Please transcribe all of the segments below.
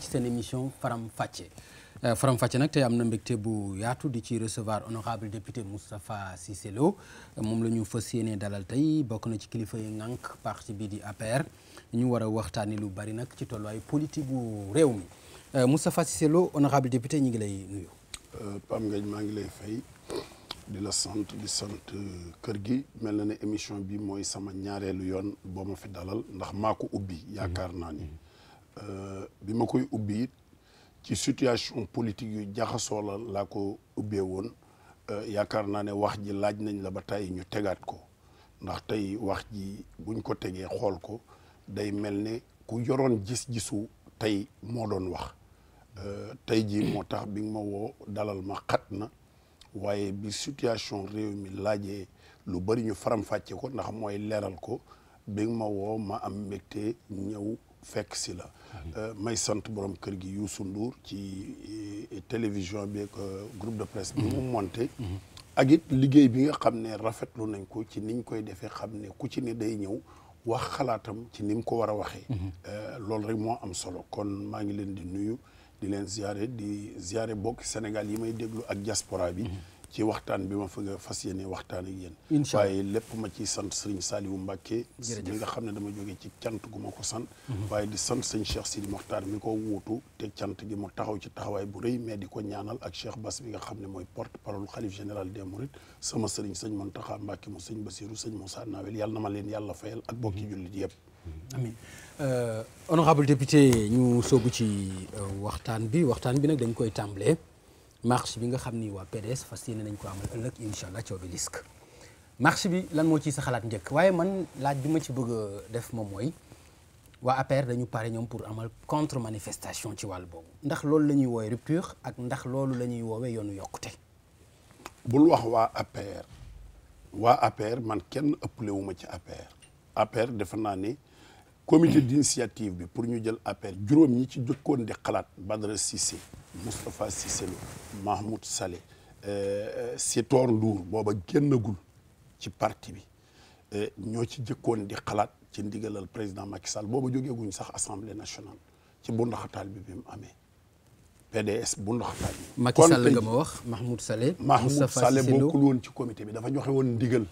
ci seen émission Faram Facce euh, Faram fàcce nag tey am na mbégte bu yaatu di ci recevoir honorable député Moustapha Cissé Lo moom la ñu fas yéene dalal tey bokk na ci kilifa yi ŋànk parti bi di APR ñu war a waxtaani lu bari nag ci ay politique bu réew mi euh, Moustapha Cissé Lo honorable député ñu ngi lay nuyu. Euh, Pam Ngañ maa ngi lay fay di la sant di sant kër gi mel na ne émission bi mooy sama ñaareelu yoon boo ma fi dalal ndax maa ko ubbi yaakaar naa ni. Euh, bi ma koy ubbi it ci situation politique yu jaxasoo la laa ko ubbee woon euh, yaakaar naa ne wax ji laaj nañ la ba tey ñu tegaat ko ndax tey wax ji buñ ko tegee xool ko day mel ne ku yoroon gis-gisu tey moo doon wax euh, tey jii moo tax bi nga ma woo dalal ma xat na waaye bi situation réew mi laajee lu bari ñu faram-fàcce ko ndax mooy leeral ko bi nga ma woo ma am mbégte ñëw fekk si la euh, may sant borom kër gi Youssou Ndour ci euh, télévision bi ak euh, groupe de presse bi mu mhm. monté mhm. ak it liggéey bi nga xam ne rafetlu nañ ko ci niñ koy defee xam ne ku ci ni day ñëw wax xalaatam ci ni mu ko war a waxee mhm. loolu rek moo am solo kon maa ngi leen di nuyu di leen ziare di ziare bokk Sénégal yi may déglu ak diaspora bi ci waxtaan bi ma fa nga fas yéene waxtaan ak yéen incha waaye lépp ma ci sant sëriñ Saliou Mbacke mi nga xam ne dama jógee ci cant gu ma ko sant mhm. waaye di sant sëñ Cheikh Sidi Mokhtar mi ko wuutu te cant gi mu taxaw ci taxawaay bu rëy mais di ko ñaanal ak Cheikh Bass bi nga xam ne mooy porte parole xalif général des Mourides sama sëriñ sëñ Mountakha Mbacke mu sëñ Bassirou sëñ Moussa Nawel yàlla na ma leen yàlla fayal ak bokki mhm. jullit yëpp mhm. amin euh, honorable député ñu soobu ci euh, waxtaan bi waxtaan bi nag dañ koy tàmbalee marche bi nga xam ni waa PDS fas yéene nañ ko amal ëllëg incha allah ci obélisque marche bi lan moo ciy sa xalaat njëkk waaye man laaj bi ma ci bëgg def moom mooy waa APR dañu pare ñoom pour amal contre manifestation ci wàll boobu ndax loolu lañuy ñuy woowee rupture ak ndax loolu la ñuy woowee yoonu yokkute. bul wax waa APR waa APR man kenn ëppale wu ma ci APR APR defe naa ni. comité d'initiative bi pour ñu jël appel juróom ñi ci jëkkoon di xalaat Badara Cissé Moustapha Cissé Lo Mahmoud Saleh euh, Sitor Ndour booba génnagul ci parti bi euh, ñoo ci jëkkoon di xalaat ci ndigalal président Macky Sall booba jógeeguñ sax assemblée nationale ci bundaxataal bi bi mu amee PDS bundaxataal bi. Macky Sall nga ma wax Mahmoud Saleh. Mahmoud Saleh bokkul woon ci comité bi dafa joxe woon ndigal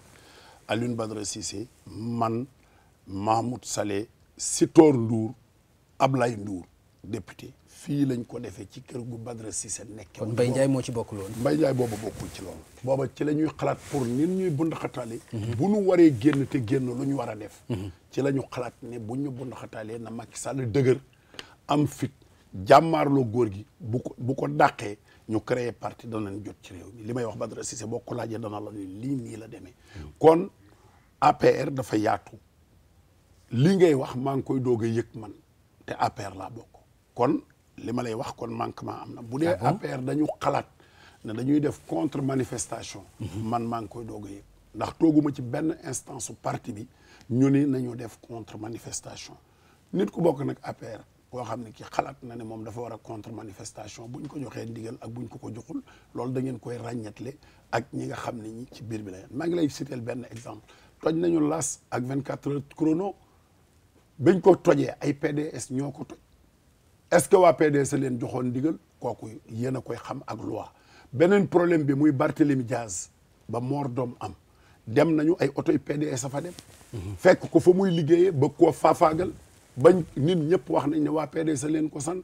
Alioune Badara Cissé man Mahmoud Saleh. Sitor Ndour Ablaye Ndour député fii lañ ko defee ci kër gu Badara Cissé nekk. kon Mbaye Ndiaye moo ci bokkul woon. Mbaye Ndiaye boobu bokkul ci loolu. booba ci la ñuy xalaat pour nit ñuy bundaxataale. bu ñu waree génn te génn lu ñu war a def. Mhm. ci la ñu xalaat ne bu ñu bundaxataalee na Macky Sall dëgër am fit jàmmaarloo góor gi bu ko bu ko dàqee ñu créé parti danañ jot ci réew mi li may wax Badara Cissé boo ko laajee dana la ni lii nii la demee. Mhm. kon APR dafa yaatu. lii ngay wax maa ngi koy doog a yëg man te APR laa bokk kon li ma lay wax kon manquement am na bu dee APR dañu xalaat ne dañuy def contre manifestation mhm. man maa koy doog a yëg ndax tooguma ci benn instance su parti bi ñu ni nañu def contre manifestation nit ku bokk nag APR koo xam ne ki xalaat na ne moom dafa war a contre manifestation bu buñ ko joxee ndigal ak bu ñu ko ko joxul loolu da ngeen koy ràññetle ak ñi nga xam ne ñi ci biir bi la maa ngi lay benn exemple toj nañu las ak 24 heures chrono bañ ko tojee ay PDS ñoo ko toj est-ce que waa PDS leen joxoon ndigal kooku yéen a koy xam ak loi beneen problème bi muy Barthélemy Diaz ba moor doom am dem nañu ay oto yu PDS a fa dem. Mhm. fekk ko fa muy liggéeyee ba koo faafaagal bañ nit ñëpp wax nañ ne waa PDS leen ko sant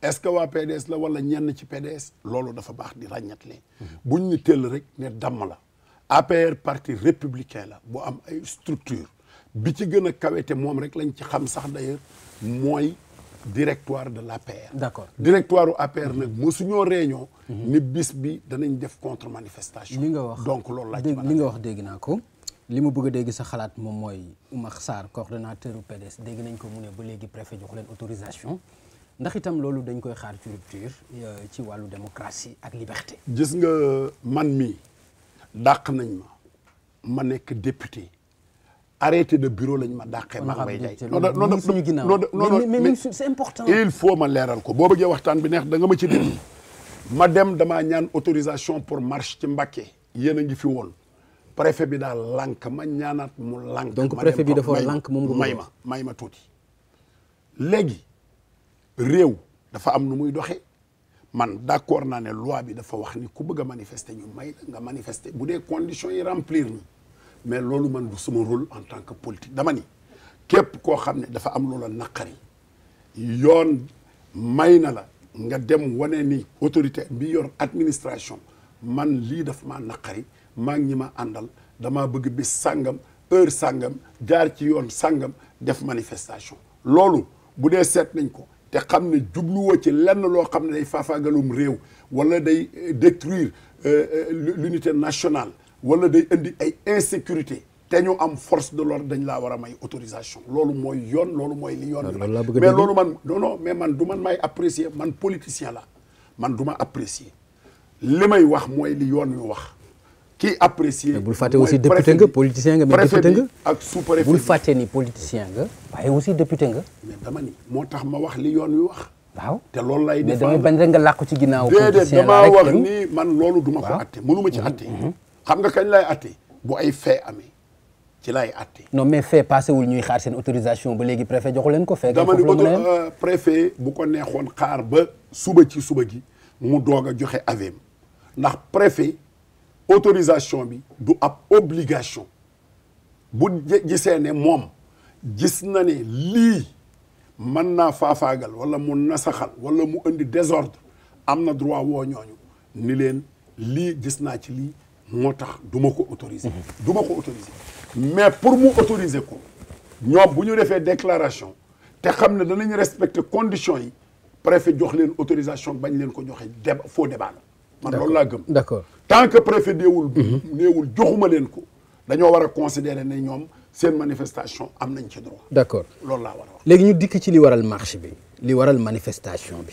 est-ce que waa PDS la wala ñenn ci PDS. loolu dafa baax di ràññat leen. Mhm. buñ ñu teel rek ne damm la. APR partie républicain la bu am ay structure bi ci gën a kawete moom rek lañ ci xam sax d'ailleurs mooy directoire de l'APR. d'accord directoire u APR mm-hmm. nag mosuñoo réunion. Mm-hmm. ni bis bi danañ def contre manifestation. li nga wax donc loolu laa ci li nga wax dégg naa ko. li mu bëgg a dégg sa xalaat moom mooy Oumar Sarr coordonnateur u PDS dégg nañ ko mu ne ba léegi préfet jox leen autorisation ndax itam loolu dañ koy xaar ci rupture euh, ci wàllu démocratie ak liberté. gis nga man mi dàq nañ ma ma nekk député. arrêté de bureau lañ ma dàqee Makhar Mbaye Ndiaye loolu suñu ginnaaw mais mais c'est important il faut ma leeral ko boo bëggee waxtaan bi neex da nga ma ci ma dem damaa ñaan autorisation pour marche ci Mbacké yéen a ngi fi woon préfet bi daal lank ma ñaanaat mu lànk donc préfet bi dafa lànk moom nga may ma may ma tuuti léegi réew dafa am nu muy doxe man d'accord naa ne loi bi dafa wax ni ku bëgg a manifester ñu may nga manifester bu dee conditions yi remplir ni mais loolu man du suma rôle en tant que politique dama ni képp koo xam ne dafa am loola naqari yoon may na la nga dem wane ni autorité bi yor administration man lii dafa ma naqari maa ñi ma àndal damaa bëgg bis sangam heure sangam jaar ci yoon sangam def manifestation loolu bu dee seet nañ ko te xam ne jubluwoo ci lenn loo xam ne day faafaagalum réew wala day détruire euh, euh, l'unité nationale wala day indi ay insécurité te ñu am force de l'ordre dañ laa war a may autorisation loolu mooy yoon loolu mooy li yoon mais loolu man non mais man du man may apprécier man politicien la man du ma apprécier li may wax mooy li yoon yu wax kii apprécier bul fàtte aussi député nga politicien nga mais député nga ak sous préfet bul fàtte ni politicien nga waaye aussi député nga dama ni moo tax ma wax li yoon yu wax waaw te loolu laay défendre mais bañ rek nga làqu ci ginnaaw déedéet dama wax ni man loolu duma ko atte mënuma ci mhm, atte mhm. xam nga kañ lay atte bu ay fait amee ci lay atte non mais fait passé wul ñuy xaar seen autorisation ba léegi préfet joxu leen ko fekk dama ni ba euh, préfet bu ko neexoon xaar ba suba ci suba gi mu doog a joxe avem ndax préfet autorisation bi du ab obligation bu gisee ne moom gis na ne lii mën naa faafaagal wala mu nasaxal wala mu indi désordre am na droit woo ñooñu ni leen lii gis naa ci lii moo tax duma ko autoriser. du ma ko autoriser mais pour mu autoriser ko ñoom bu ñu defee déclaration te xam ne danañ respecter conditions yi préfet jox leen autorisation bañ leen ko joxe dé faux débat la man loolu laa gëm. d'accord tant que préfet néewul. Mhm. néewul joxuma leen ko dañoo war a considérer ne ñoom seen manifestation am nañ ci droit. d'accord loolu laa war wax. léegi ñu dikk ci li waral marché bi li waral manifestation bi.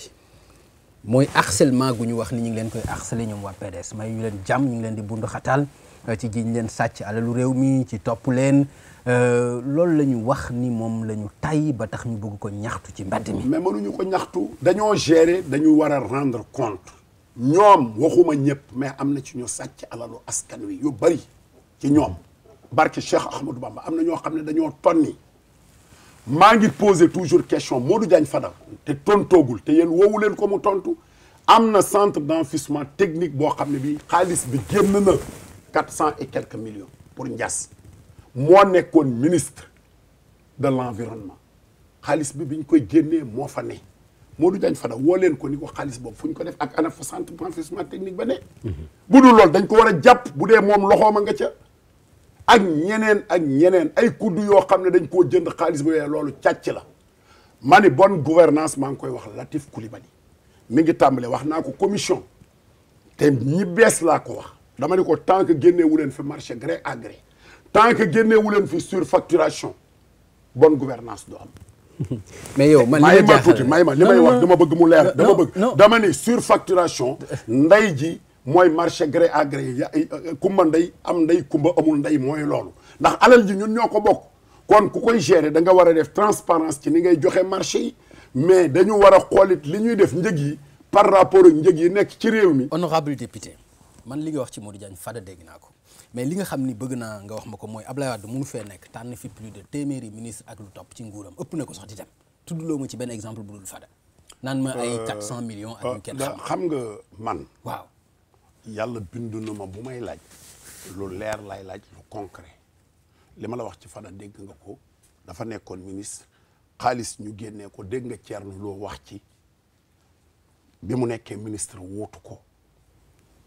mooy harcèlement gu ñu wax ni ñu ngi leen koy harcelé ñoom waa PDS may ñu leen jàmm ñu leen di bundu xataal euh, ci jiiñ leen sàcc alalu réew mi ci topp leen euh, loolu la ñu wax ni moom lañu ñu tay ba tax ñu bugg ko ñaxtu ci mbedd mi. mais mënuñu ko ñaxtu. dañoo gérer dañu war a rendre compte. ñoom waxuma ñëpp mais am na ci ñu sàcc alalu askan wi yu bari ci ñoom barke Cheikh Ahmadou Bamba am na ñoo xam ne dañoo tonni. maa ngi poser toujours question moo du Diagne Fada te tontoogul te yeen wowu leen ko mu tontu am na centre d'enfouissement technique boo xam ne bi xaalis bi génn na quatre cent et quelques millions pour Ndiass moo nekkoon ministre de l'environnement xaalis bi bi ñu koy génnee moo fa ne du Diagne Fada woo leen ko ni ko xaalis boobu fu ñu ko def ak ana fa centre d'enfouissement technique ba ne mhm. bu dul loolu dañ ko war a jàpp bu dee moom loxooma nga ca ak ñeneen ak ñeneen ay kuddu yoo xam ne dañ koo jënd xaalis bu loolu càcc la ma ni bonne gouvernance maa ngi koy wax Latif Coulibaly mi ngi tàmbale wax naa ko commission te ñi bees laa ko wax dama ni ko tant que génneewu leen fi marché gré à gré tant que génneewu leen fi surfacturation bonne gouvernance du am mais yow man li ma tuuti may ma li may wax dama bëgg mu leer dama bëgg dama ni surfacturation nday ji mooy marché gré à gré kumba ndey am ndey kumba amul ndey mooy loolu ndax alal ji ñun ñoo ko bokk kon ku koy gérer da nga war a def transparence ci ni ngay joxe marché yi mais dañu war a xoolit li ñuy def njëg yi par rapport ak njëg yi nekk ci réew mi. honorable député man li nga wax ci Modou Diagne Fada dégg mais li nga xam ni bëgg naa nga wax ma ko mooy Ablaye Wade mënu fee nekk tànn fi plus de téeméeri ministre ak lu topp ci nguuram ëpp na ko sax di dem tuddloo ma ci benn exemple bu dul Fada naan ma ay 400 euh, millions. ak euh, xam nga man waaw. yàlla bindu na ma bu may laaj lu leer lay laaj lu concret li ma la wax ci fana dégg nga ko dafa nekkoon ministre xaalis ñu génnee ko dégg nga na loo wax ci bi mu nekkee ministre wootu ko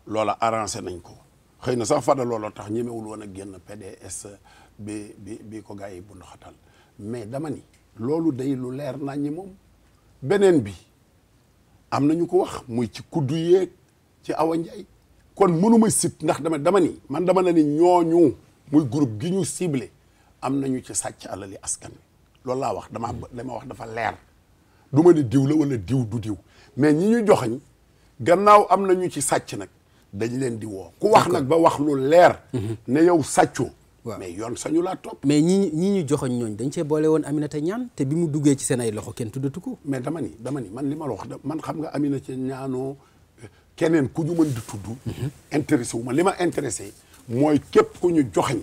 loola arrangé nañ ko xëy na sax fada looloo tax ñemewul woon a génn PDS bi bi bi ko gars yi bu ndoxatal mais dama ni loolu day lu leer naa ñi moom beneen bi am nañu ko wax muy ci kuddu yéeg ci Awa Ndiaye kon mënuma sit ndax dama dama ni man dama ne ni ñooñu muy groupe gi ñu ciblé am nañu ci sàcc alali askan loolu laa wax dama li ma wax dafa leer du ma ni diw la wala diw du diw mais ñi ñu joxañ gannaaw am ñu ci sàcc nag dañ leen di woo ku wax nag ba wax lu leer mhm. ne yow sàccoo waaw mais yoon sañu laa topp mais ñi ñi ñu joxoñ ñooñ dañ cee boole woon Aminata Ñaan te bi mu duggee ci seen ay loxo kenn tuddatu ko mais dama ni dama ni man li ma la wax man xam nga Aminata Ñaanoo keneen ku ñu mën di tudd. wu ma li ma intéressé mooy képp ku ñu joxeñ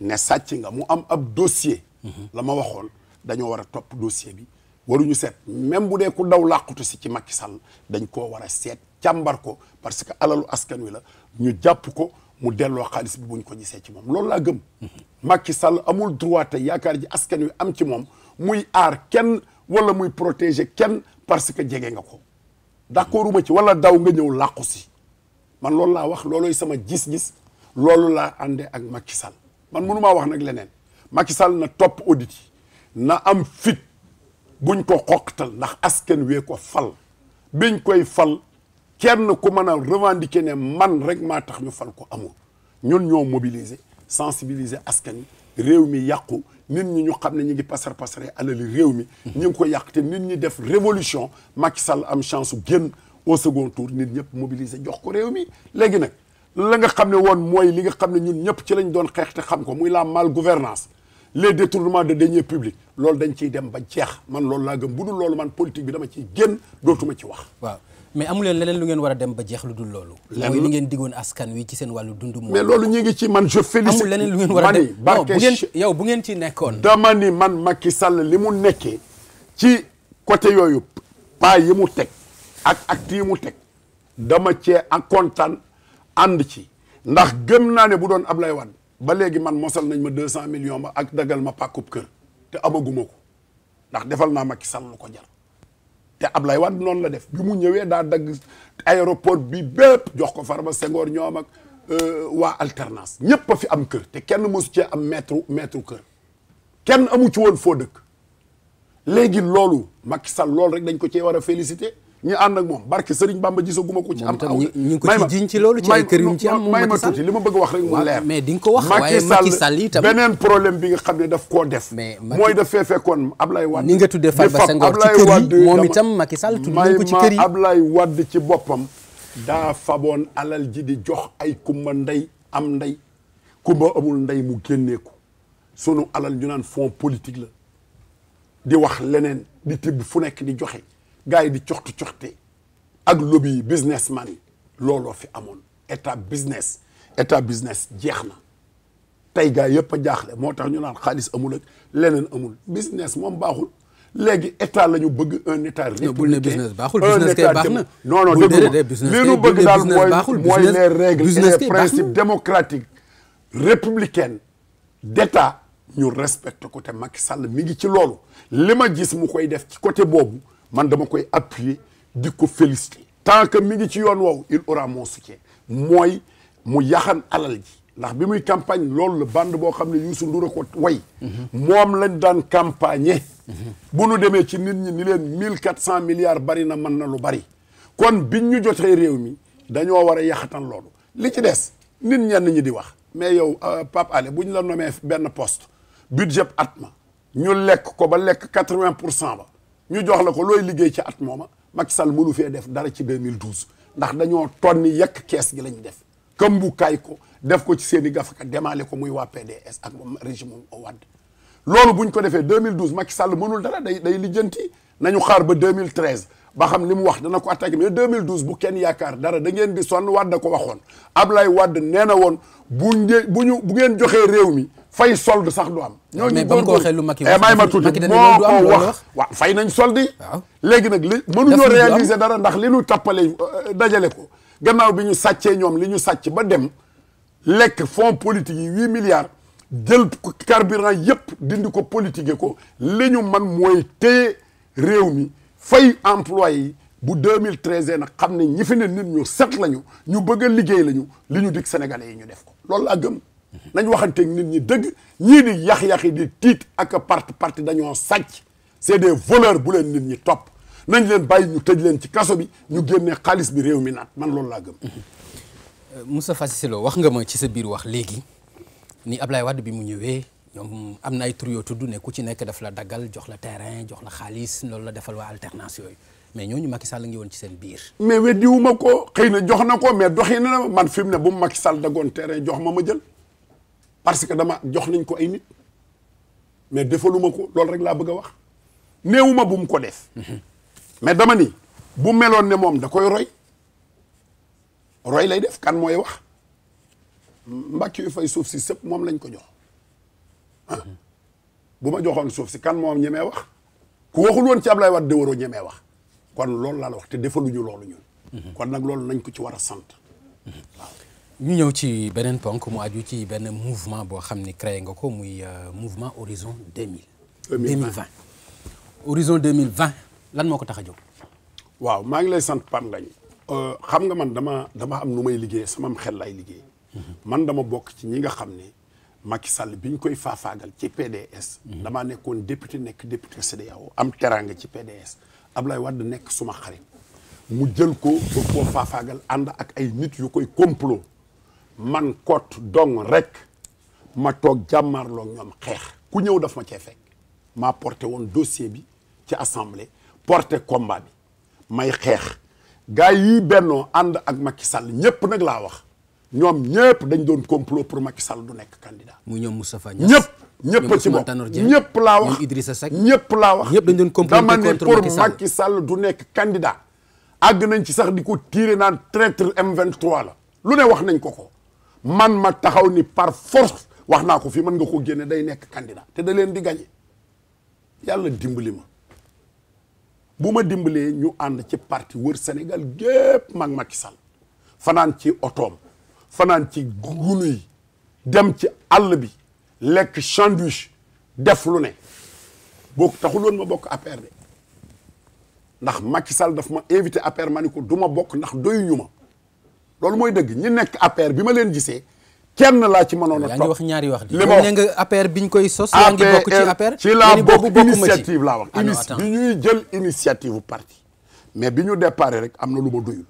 ne sàcc nga mu am ab dossier. la ma waxoon dañoo war a topp dossier bi waruñu seet même bu dee ku daw làqutu si ci Macky Sall dañ koo war a seet càmbar ko parce que alalu askan wi la ñu jàpp ko mu delloo xaalis bi buñ ko gisee ci moom loolu laa gëm. Macky Sall amul droit te yaakaar ji askan wi am ci moom muy aar kenn wala muy protéger kenn parce que jege nga ko. d'accorduma ci wala daw nga ñëw làqu si man loolu laa wax loolooy sama gis-gis loolu laa ànde ak Macky Sall man mënumaa wax nag leneen Macky Sall na topp audit na am fit buñ ko xoqtal ndax askan wee ko fal biñ koy fal kenn ko mën a revendiquer ne man rek maa tax ñu fal ko amul ñun ñoo mobiliser sensibiliser askan réew mi yàqu nit ñi ñu xam ne ñu ngi pasar pasare alali réew mi ñu ngi ko yàq te nit ñi def révolution Macky Sall am chance su génn au second tour nit ñëpp mobiliser jox ko réew mi léegi nag la nga xam ne woon mooy li nga xam ne ñun ñëpp ci lañ doon xeex te xam ko muy la mal gouvernance les détournements de deniers publics loolu dañ ciy dem ba jeex man loolu laa gëm bu loolu man politique bi dama ciy génn dootuma ci wax waaw mais amuleen leen leneen lu ngeen war dem ba jeex lu dul loolu. mooy li ngeen diggoon askan wi ci seen wàllu dundu. mais loolu ñu ngi ci man je félicite. amul leneen lu ngeen war a dem non bu ngeen yow bu ngeen ci nekkoon. dama ni man Macky Sall li mu nekkee ci côté yooyu pas yi mu teg ak acte yi mu teg dama ci ak kontaan ànd ci ndax gëm naa ne bu doon Ablaye Wade ba léegi man mosal nañ ma deux cent million ba ak dagal ma te amaguma ko ndax defal naa Macky Sall ko jar. e ab Ablaye Wade noonu la def bi mu ñëwee daa dagg aéroport bi bépp jox ko Farba Senghor ñoom ak euh, waa alternance ñëpp fi am kër te kenn mosu cee am mètre mètre kër kenn amu ci woon foo dëkk léegi loolu Macky Sall loolu rek dañ ko cee war a féliciter ñu ànd ak moom barke Serigne Bamba gisaguma ko ci am aw ñu ngi ko ci jiñ ci loolu ci ay kër yu mu ci am may ma tuuti li ma bëgg wax rek mu leer mais di nga ko wax waaye Macky Sall itam beneen problème bi nga xam ne daf koo def mooy daf fee fekkoon Ablaye Wade ni nga tuddee Farba Senghor ci kër yi moom itam Macky Sall tudd nañ ko ci kër yi Ablaye Wade ci boppam daa faboon alal ji di jox ay kumba ndey am ndey kumba amul ndey mu génneeku sunu alal ñu naan fonds politique la di wax leneen di tibb fu nekk di joxe gars yi di coxtu coxte ak lobby business yi looloo fi amoon état business état business jeex na tey gars yëpp a jaaxle moo tax ñu naan xaalis amul ak leneen amul business moom baaxul léegi état la ñu bëgg un état républicain un état démocratique non non dégg li ñu bëgg daal mooy mooy les règles et les principes démocratiques républicaines d'état ñu respecte ko te Macky Sall mi ngi ci loolu li ma gis mu koy def ci côté boobu man dama koy appuyer di ko féliciter tant que mi ngi ci yoon woowu il aura mon soutien mooy mu yaxan alal ji ndax bi muy campagne loolu la bande boo xam ne Youssou Ndour a ko way moom lañ daan campagne mhm. bu nu demee ci nit ñi ni leen mille quatre cent milliards bari na mën na lu bari kon biñ ñu jotee réew mi dañoo war a yaxatan loolu li ci des nit ñenn ñi di wax mais yow euh, papale bu ñu la nommé benn poste budget at ma ñu lekk ko ba lekk quatre-vingt pour cent ba ñu jox la ko looy liggéey ci at mooma Macky Sall mënu fee def dara ci 2012 ndax dañoo tonni yekk kees gi lañ def këmbu kaay ko def ko ci seen i gafaka demaale ko muy waa PDS ak régime o Wade loolu bu buñ ko defee 2012 Macky Sall mënul dara day day lijjanti nañu xaar ba 2013 ba xam li mu wax dana ko attaqué mais 2012 bu kenn yaakaar dara da ngeen di sonn Wade da ko waxoon Ablaye Wade nee na woon bu ngeen bu ñu bu ngeen joxee réew mi fay solde sax du am. ñooñu góorgóorlu mais ba ma ko waxee lu Macky eh, moo ko wax waaw fay nañ solde yi. waaw léegi nag li mënuñoo réaliser dara ndax li nu tappale euh, dajale ko gannaaw bi ñu sàccee ñoom li ñu sàcc ba dem lekk fonds politique yi huit milliards jël carburant yëpp dindi ko politiquer ko li ñu man mooy te réew mi fay employé yi bu 2013 na xam ne ñi fi ne nit ñu set lañu ñu bëgg a liggéey lañu li ñu dig sénégalais yi ñu def ko loolu laa gëm. nañ waxanteeg nit ñi dëgg ñii di yax-yaxi di tiit ak parti parti dañoo sàcc c'est des voleurs bu leen nit ñi topp nañ leen bàyyi ñu tëj leen ci kaso bi ñu génne xaalis bi réew mi naat man loolu laa gëm euh, Moustapha Cissé Lo wax nga ma ci sa biir wax léegi ni Ablaye Wade bi mu ñëwee ñoom am na ay tur yoo tudd ne ku ci nekk daf la daggal jox la terrain jox la xaalis loolu la defal waa alternance yooyu mais ñooñu Macky Sall ngi woon ci seen biir. mais weddiwu ma ko xëy na jox na ko mais doxi na man fi mu ne bu Macky Sall daggoon terrain jox ma ma jël. parce que dama jox nañ ko ay nit mais defaluma ko loolu rek laa bëgg a wax néewuma bu mu ko def mais dama ni bu meloon ne moom da koy roy roy lay def kan mooy wax mbàkk yu fay suuf si sëpp moom lañ ko jox ah bu ma joxoon suuf si kan moom ñemee wax ku waxul woon ci Ablaye Wade de waroo ñemee wax kon loolu laa wax te defaluñu loolu ñun kon nag loolu nañ ko ci war a sant waaw ñu ñëw ci beneen ponk mu aju ci benn mouvement boo xam ni créé nga ko muy euh, mouvement Horizon 2000. 2020 Horizon 2020 lan moo ko tax a jóg. waaw maa ngi lay sant Pape Ngagne euh, xam nga man dama dama am nu may liggéey samam xel lay liggéey. Mhm. man dama bokk ci ñi nga xam ne Macky Sall bi ñu koy faafaagal ci PDS. Mhm. damaa nekkoon député nekk député CEDEAO am teraanga ci PDS Ablaye Wade nekk suma xarit mu jël ko ba koo faafaagal ànd ak ay nit yu koy complot. man kot dong rek ma toog jàmmaarloo ñoom xeex ku ñëw daf ma cee fekk maa porté woon dossier bi ci assemblée porte combat bi may xeex gars yii bennoo ànd ak Macky Sall ñëpp nag laa wax ñoom ñëpp dañ doon complot pour Macky Sall du nekk candidat. mu ñoom Moustapha Niass ñëpp. ñëpp ci bopp ñëpp laa wax Idrissa Seck ñëpp laa wax. ñëpp dañ doon complot contre Macky Sall dama ne Sall du nekk candidat. àgg nañ ci sax di ko tiire naan traître M23 la lu ne wax nañ ko ko. man ma taxaw ni par force wax naa ko fii mën nga ko génne day nekk candidat te da leen di gagné yàlla dimbali ma bu ma dimbalee ñu ànd ci parti wër Sénégal gépp mag Macky fanaan ci otoom fanaan ci gunu dem ci àll bi lekk sandwich def lu ne bokk taxu loon ma bokk APR de ndax Macky Sall daf ma invité APR ma ni ko du ma bokk ndax doyuñu ma loolu mooy dëgg ñi nekk APR bi ma leen gisee kenn laa ci mënoon a topp ngi wax ñaari wax li ma wax nga APR biñ koy sos yaa ngi bokk ci APR ci laa bokk initiative laa wax ah, ini bi ñuy jël initiative parti mais bi ñu déparé rek am na lu ma doyul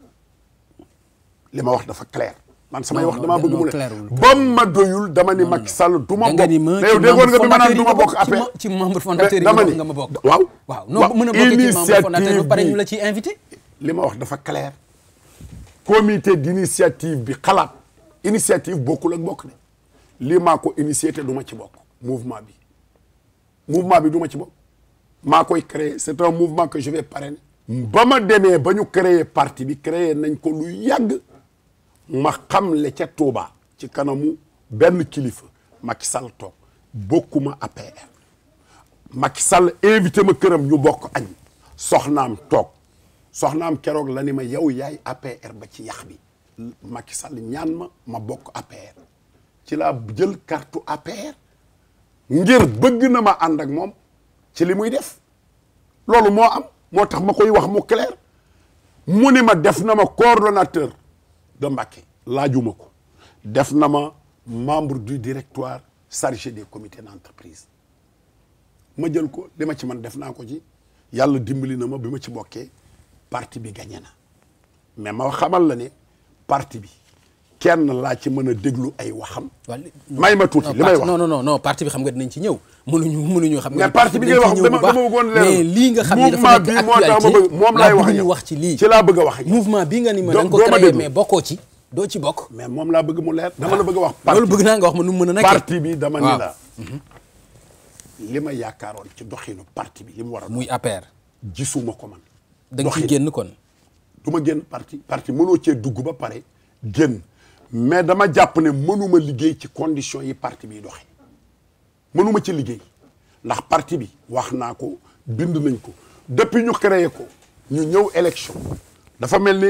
li ma wax dafa clair man samay wax damaa bëgg mu ne bam ma doyul dama ma bokk te yow déggoon nga bi ma naan du ma bokk APR ci membre fondateur nga ma bokk waaw waaw non mën a bokk ci membre fondateur ba pare ñu la ciy invité li ma wax dafa clair comité d'initiative bi xalaat initiative bokkul ak bokk de lii maa ko initié te ci bokk mouvement bi mouvement bi duma ma ci bokk maa koy créer c'est un mouvement que je vais parrainer ba ma demee ba ñu créer parti bi créer nañ ko lu yàgg ma xam le ca Touba ci kanamu benn kilifa Macky Sall toog ma APR Macky Sall invité ma këram ñu bokk añ soxnaam toog soxnaam keroog la ni ma yow yaay APR ba ci yax bi Macky Sall ñaan ma ma bokk APR ci laa jël kartu APR ngir bëgg na ma ànd ak moom ci li muy def loolu moo am moo tax ma koy wax mu clair mu ni ma def na ma coordonnateur de Mbacké laajuma ko def na ma membre du directoire chargé des comités d'entreprise ma jël ko li ma ci man def naa ko ci yàlla dimbali na ma bi ma ci bokkee parti bi gagné na mais ma xamal la ne parti bi kenn laa ci mën a déglu ay waxam. may ma tuuti li may wax non parti bi xam nga dinañ ci ñëw. mënuñu mënuñu xam nga. mais parti bi ngay wax dama dama bëggoon moom laay wax ñu wax ci lii. ci laa bëgg wax ak mouvement bi nga ni ma da nga ko créé mais bokk. mais moom laa bëgg mu leer dama la ah. bëgg a wax. parti loolu bëgg naa nga wax ma nu mu a mhm. li ma yaakaaroon ci doxinu parti bi li mu war a. muy APR. gisuma ko man da nga ci génn kon. du ma génn parti parti mënoo cee dugg ba pare génn mais dama jàpp ne mënuma liggéey ci condition yi parti bi doxe mënuma ci liggéey ndax parti bi wax naa ko bind nañ ko depuis ñu créé ko ñu ñëw élection dafa mel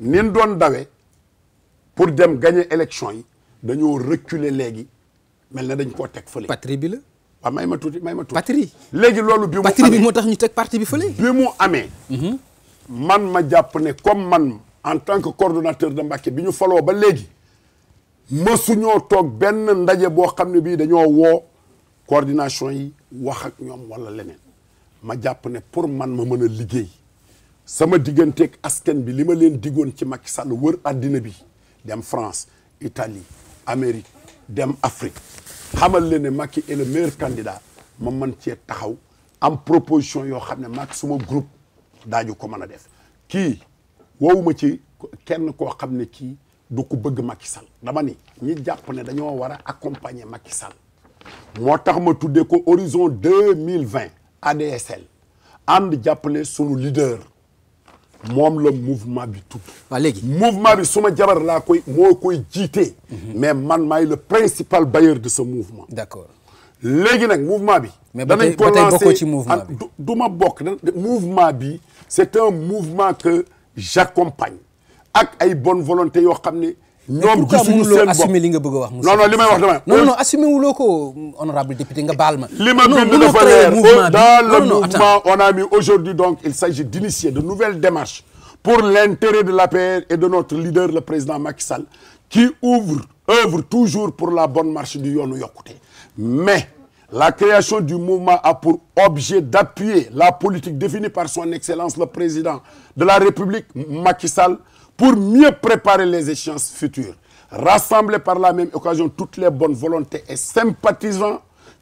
ni nin doon dawe pour dem gagner élection yi dañoo reculer léegi mel na dañ koo teg fële. bi la. waaw may ma tuuti may ma tuuti. patrie léegi loolu bi mu. amee bi moo tax ñu teg parti bi fële. bi mu amee. Mhm. man ma jàpp ne comme man en tant que coordonnateur de Mbacké bi ñu foloo ba léegi mësuñoo toog benn ndaje boo xam ne bii dañoo woo coordination yi wax ak ñoom wala leneen ma jàpp ne pour man ma mën a liggéey sama digganteeg askan bi li ma leen diggoon ci Macky Sall wër addina bi dem France Italie Amérique dem Afrique. xamal leen ne Macky est le meilleur candidat ma mën cee taxaw am proposition yoo xam ne Macky suma groupe daañu ko mën a def kii wowuma ci kenn koo xam ne kii du ko bëgg Macky Sall dama ni ñi jàpp ne dañoo war a accompagner Macky Sall moo tax ma tuddee ko horizon deux mille vingt ADSL ànd jàppale sumu leader. moom la mouvement bi tudd. waaw léegi mouvement bi suma jabar laa koy moo koy jiite. Mhm. mais man maay la principal bailleur de ce mouvement. d'accord léegi nag mouvement bi. danañ ko lancer ci mouvement bi du ma bokk mouvement bi c'est un mouvement que j'accompagne ak ay bonne volonté yoo xam ne. ñoom gisuñu li nga bëgg a wax. non non li may wax dama non non assumer ko honorable député nga baal ma. lima ma bind dafa leer dans le mouvement on a mis aujourd'hui donc il s'agit d'initier de nouvelles démarches pour l'intérêt de l'APR et de notre leader le président Macky Sall qui ouvre toujours pour la bonne marché du yoonu yokkute mais la création du mouvement a pour objet d'appuyer la politique définie par son excellence le président de la République Macky Sall pour mieux préparer les échéances futures rassembler par la même occasion toutes les bonnes volontés et sympathisants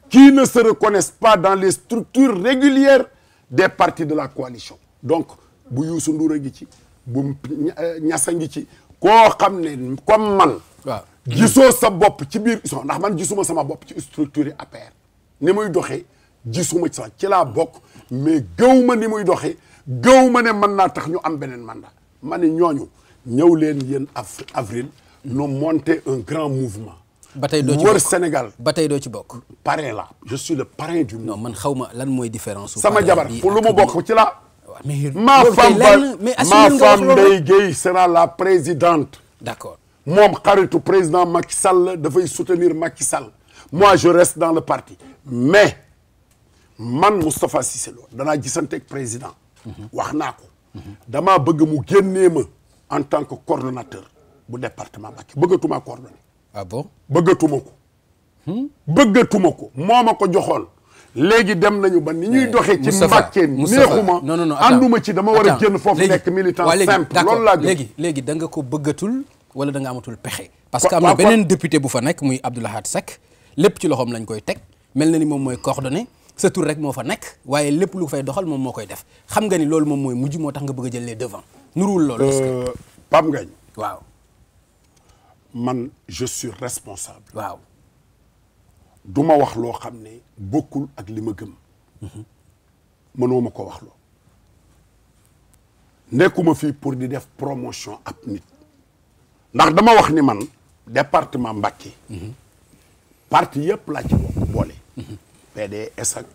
qui ne se reconnaissent pas dans les structures régulières des partis de la coalition donc bu Youssou Ndour ngi ci bu Niass a ngi ci koo xam ne comme man waaw gisoo sa bopp ci biir so ndax man gisuma sama bopp ci structure yi APR ni muy doxee gisuma sa ci laa bokk mais gëw ma ni muy doxee gëw ma ne man naa tax ñu am beneen mandat ma ne ñooñu ñëw leen yéen avril nous monter un grand mouvement. ba tey doo ci bokk wër Sénégal. ba tey doo ci bokk. parrain la je suis le parrain du mouvement. non man xaw ma lan mooy différence. sama jabar pour lu bokk ci la. ma femme ma femme Ndeye Guèye la présidente. d'accord moom xaritu président Macky Sall dafay soutenir Macky Sall. moi je reste dans le parti. mais man Moustapha Cissé Lo danaa gisante ak président. Mhm. wax naa ko. damaa bëgg mu génnee ma. en tant que coordonnateur bu département Mbacké bëggatuma coordonné ah bëggatuma ko hmm? bëggatuma ko moo ma ko joxoon léegi dem nañu ba ni ñuy eh, doxee ci Mbacké neexuma non non non ci dama war a génn foofu nekk militant simple loolu léegi léegi da nga ko da nga amatul pexe parce que am na député bu fa nekk muy Abdou Lahad Seck lépp ci loxoom lañ koy teg mel na ni moom mooy coordonné sa tur rek moo fa nekk waaye lépp lu fay doxal moom moo koy def xam nga ni loolu moom mooy mujj moo tax nga bëgg a jël les nuruwul loolu est euh, Pape waaw man je suis responsable waaw du ma wax loo xam ne bokkul ak li ma gëm mhm. mënoo ma ko wax loo nekkuma fii pour di def promotion ab nit ndax dama wax ni man département Mbacké mhm. parti yëpp laa ci bokk boole mhm. PDS ak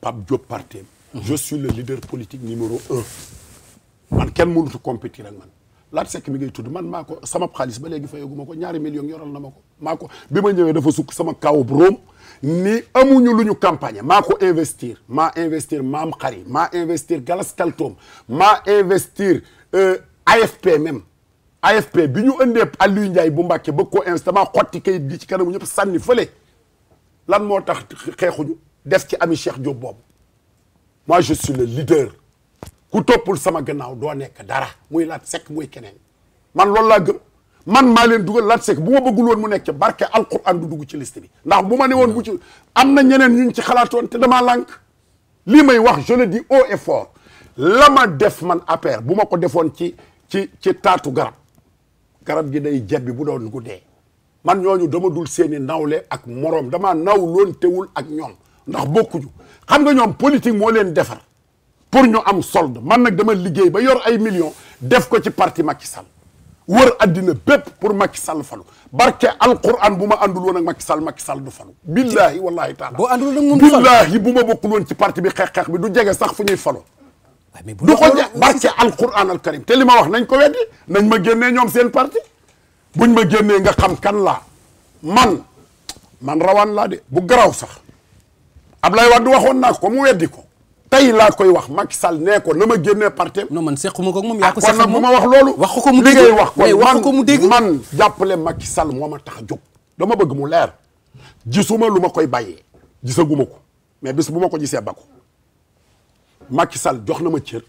Pape Diop parti je suis le leader politique numéro man kenn mënutu compétir ak man laat sekk mi ngay tudd man maa ko sama xaalis ba léegi fayaguma ko ñaari millions yoral na ma ko maa ko bi ma ñëwee dafa sukk sama kaw bu room ni amuñu lu ñu campagne maa ko investir maa investir maam xari maa investir galas kaltoom maa investir euh, AFP même AFP bi ñu ëndee Aliou Ndiaye bu Mbàkke bëgg ko investir maa xotti kayit gi ci kanamu ñëpp sànni fële lan moo tax xeexuñu def ci ami Cheikh Diop boobu moi je le leader ku toppul sama gannaaw doo nekk dara muy Lat Seck muy keneen man loolu laa gëm man maa leen dugal Lat Seck bu ma bëggul woon mu nekk barke alquran du dugg ci liste bi ndax bu ma ne woon bu ci am na ñeneen ñu ñu ci xalaatoon te damaa lang lii may wax je di o haut et la ma def man affaire bu ma ko defoon ci ci ci taatu garab garab gi day jebbi bu doon dee man ñooñu dama dul seeni nawle ak moroom damaa naw loon tewul ak ñoom ndax bokkuñu xam nga ñoom politique moo leen defar pour ñu am solde man nag dama liggéey ba yor ay millions def ko ci parti Macky sal wër addina bépp pour Macky Sall falu barke alquran bu ma àndul woon ak sal Sall sal Sall du falu billahi wallahi taala boo àndul woon ak moom du falu billahi bu ma bokkul woon ci parti bi xeex-xeex bi du jege sax fu ñuy falo du ko je barke alquran al karim te li ma wax nañ ko weddi nañ ma génnee ñoom seen parti buñ ma génnee nga xam kan laa man man rawaan laa de bu garaw sax Ablaye Wade waxoon naa ko mu weddi ko tey laat koy wax Macky Sall nee ko na ma génnee partem non man sequma ko moom yaa ko seq moom ah, kon nag bu ma wax loolu. ko mu dégg li ngay wax kon man man jàppale Macky Sall moo ma tax a jóg. dama bëgg mu leer jisuma lu ma koy bàyyee gisaguma ko mais bis bu ma ko gisee ba ko Macky Sall jox na ma cër.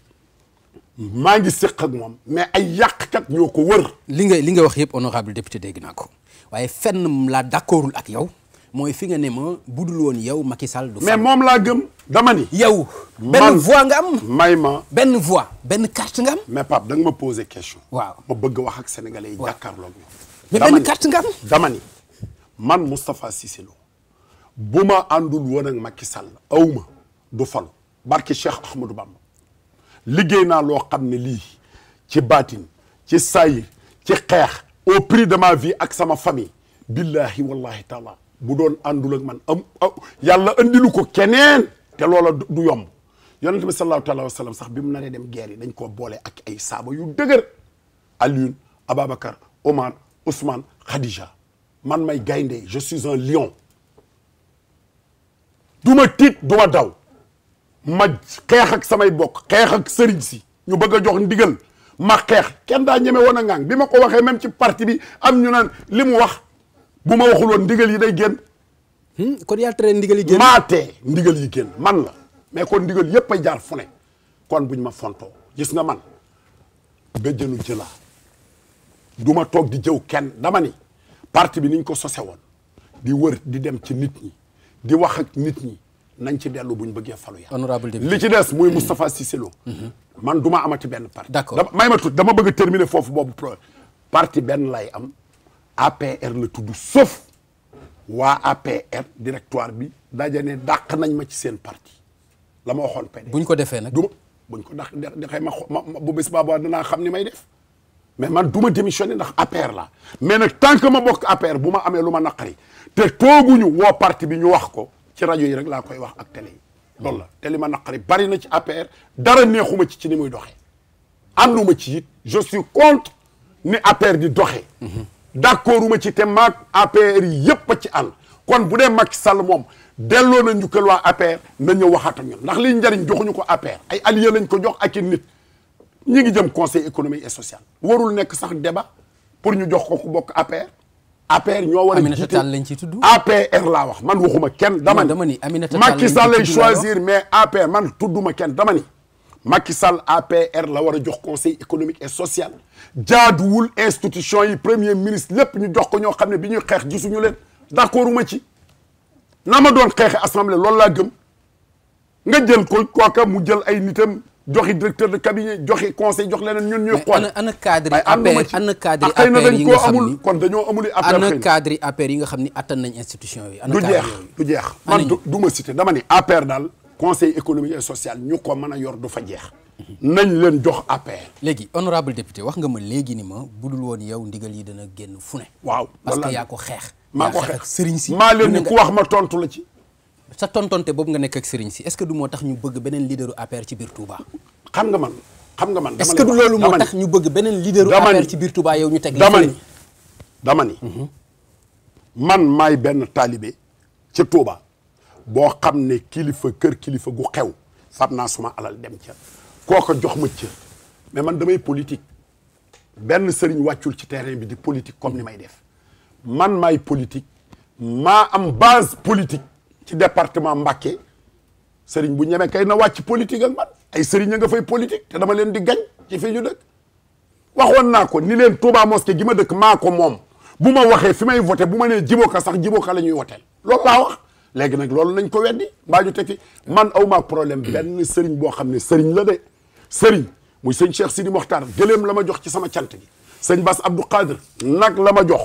maa ngi séq ak moom mais ay yàqkat ñoo ko wër. li nga li nga wax yëpp honorable député dégg naa ko waaye fenn laa d'accordul ak yow. mooy fi nga ne ma budul woon yow Macky Sall du mais moom laa gëm dama yow benn voix nga am may ma benn voi benn carte nga am. mais ma posé question. waaw ma bëgg wax ak sénégalais yi jàkkaarloog ñoom. dama benn carte nga am. man Moustapha Cissé Lo bu ma àndul woon ak Macky Sall du falu barke Cheikh Ahmadou Bamba liggéey naa loo xam ne lii ci baatin ci saayir ci xeex au prix de ma vie ak sama famille billahi wallahi taala bu doon àndul man am yàlla andilu ko keneen te loola du yomb yonent bi sallallahu alayhi sax bi mu naree dem guerre yi dañ koo boole ak ay saaba yu dëgër Alioune Ababacar Omar Ousmane Khadija man may gaynde je suis un lion du ma tiit du ma daw ma xeex samay bokk xeex ak sëriñ si ñu bëgg a jox ndigal ma xeex kenn daa ñeme woon a ŋaang bi ma ko waxee même ci parti bi am ñu naan li mu wax bu ma waxul ndigal yi day génn. Hmm, kon yaa tere ndigal yi génn génn man la mais kon ndigal yépp ay jaar fu kon bu ñu ma fontoo gis nga man béjjënu jëlaa du ma toog di jëw kenn dama ni parti bi niñ ko sose woon di wër di dem ci nit ñi di wax ak nit ñi nañ ci dellu buñ bëggee falu ya honorable député li ci des muy hmm. Moustapha Cissé Lo hmm. man du ma amati benn parti d'accord may ma tut dama bëgg terminer foofu boobu parti benn lay am APR la tudd sauf waa APR directoire bi daaja dajane dàq nañ ma ci seen parti la ma waxoon PDS. buñ ko defee nag duma buñ ko dàq dafay ma ma bu bés baabu danaa xam ni may def mais man du ma démissionné ndax APR la mais nag tant ma bokk APR bu ma amee lu ma naqari te tooguñu woo parti bi ñu wax ko ci rajo yi rek laa koy wax ak télé yi loolu la te li ma naqari bari na ci APR dara neexuma ci ci ni muy doxee ànduma ci it je suis contre ni APR di doxee. Mhm. d'accorduma ci te maag APR yi yëpp a ci ànd kon bu dee Macky Sall moom delloo na njukkal waa APR na ñëw waxaat ak ñun ndax liy njariñ joxuñu ko APR ay alliés lañ ko jox ak i nit ñi ngi jëm conseil économique et social warul nekk sax débat pour ñu jox ko ku bokk APR. APR ñoo war a jiite Aminata Tall lañ ciy tudd. APR laa wax man waxuma kenn dama ni. dama ni Aminata Tall lañ ciy tudd choisir mais APR man tudduma kenn dama ni. Macky Sall APR la war a jox conseil économique et social jaaduwul institution yi premier ministre lépp ñu jox ko ñoo xam ne bi ñuy xeex gisuñu leen d'accord ma ci na ma doon xeexe assemblée loolu laa gëm nga jël ko kooka mu jël ay nitam joxi directeur de cabinet joxi conseil jox leneen ñun ñuy xool. ana cadre APR ana cadre ah, yi nga xam ni kon dañoo amul affaire ana cadre yi nga xam ni attan nañ institution yi. du jeex du jeex man du ma cité dama ni APR daal. conseil économique et social ñu ko mën a yor du fa jeex. nañ leen jox APR. léegi honorable député wax nga ma léegi ni ma budul woon yow ndigal yi dana génn fu ne. waaw parce que yaa ko xeex. maa ko xeex sëriñ si maa leen ni ku wax ma tontu la ci. sa tontonte boobu nga nekk ak sëriñ si est-ce que du moo tax ñu bëgg beneen leaderu APR ci biir Touba. xam nga man xam nga man. dama ce que du loolu moo tax ñu bëgg beneen leaderu APR ci biir Touba yow ñu teg. dama ni dama ni mhm. benn taalibe ci boo xam ne kilifa kër kilifa gu xew fab naa suma alal dem ca kooko jox ma ca mais man damay politique benn sëriñ wàccul ci terrain bi di politique comme ni may def man maay politique maa am base politique ci departement Mbacké sëriñ bu ñemee kay na wàcc politique ak man ay sëriñ a nga fay politique te dama leen di gañ ci fii ñu dëkk waxoon naa ko ni leen Touba mosquée gi ma dëkk maa ko moom bu ma waxee fi may voté bu ma nee ka sax jiboka la ñuy woteel loolu léegi nag loolu nañ ko weddi mbaa ñu tekki man aw maag problème benn sëriñ boo xam ne sëriñ la de sëriñ muy sëñ Cheikh Sidi Mokhtar gëléem la ma jox ci sama cant gi sëñ Bass Abdou Khadir nag la ma jox